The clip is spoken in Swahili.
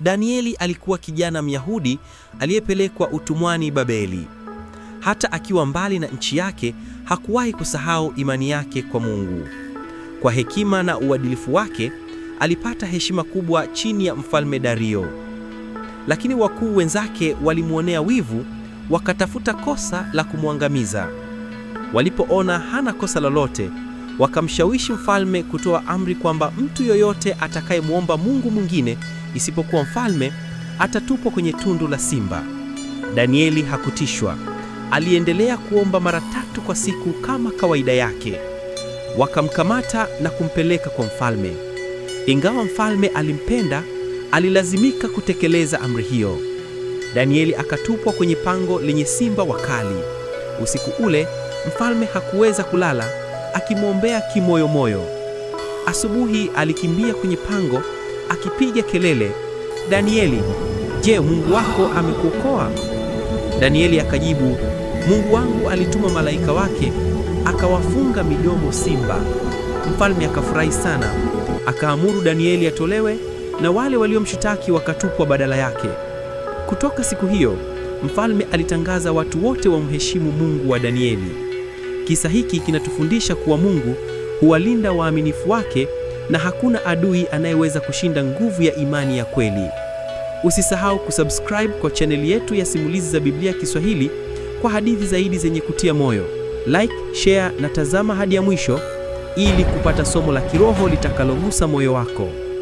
Danieli alikuwa kijana Myahudi aliyepelekwa utumwani Babeli. Hata akiwa mbali na nchi yake, hakuwahi kusahau imani yake kwa Mungu. Kwa hekima na uadilifu wake, alipata heshima kubwa chini ya Mfalme Dario. Lakini wakuu wenzake walimwonea wivu, wakatafuta kosa la kumwangamiza. Walipoona hana kosa lolote, wakamshawishi mfalme kutoa amri kwamba mtu yoyote atakayemwomba Mungu mwingine isipokuwa mfalme atatupwa kwenye tundu la simba. Danieli hakutishwa, aliendelea kuomba mara tatu kwa siku kama kawaida yake. Wakamkamata na kumpeleka kwa mfalme. Ingawa mfalme alimpenda, alilazimika kutekeleza amri hiyo. Danieli akatupwa kwenye pango lenye simba wakali. Usiku ule mfalme hakuweza kulala, akimwombea kimoyomoyo. Asubuhi alikimbia kwenye pango akipiga kelele, Danieli, je, Mungu wako amekuokoa? Danieli akajibu, Mungu wangu alituma malaika wake akawafunga midomo simba. Mfalme akafurahi sana, akaamuru Danieli atolewe na wale waliomshitaki wakatupwa badala yake. Kutoka siku hiyo mfalme alitangaza watu wote wamheshimu Mungu wa Danieli. Kisa hiki kinatufundisha kuwa Mungu huwalinda waaminifu wake na hakuna adui anayeweza kushinda nguvu ya imani ya kweli. Usisahau kusubscribe kwa chaneli yetu ya Simulizi za Biblia Kiswahili kwa hadithi zaidi zenye kutia moyo. Like, share na tazama hadi ya mwisho ili kupata somo la kiroho litakalogusa moyo wako.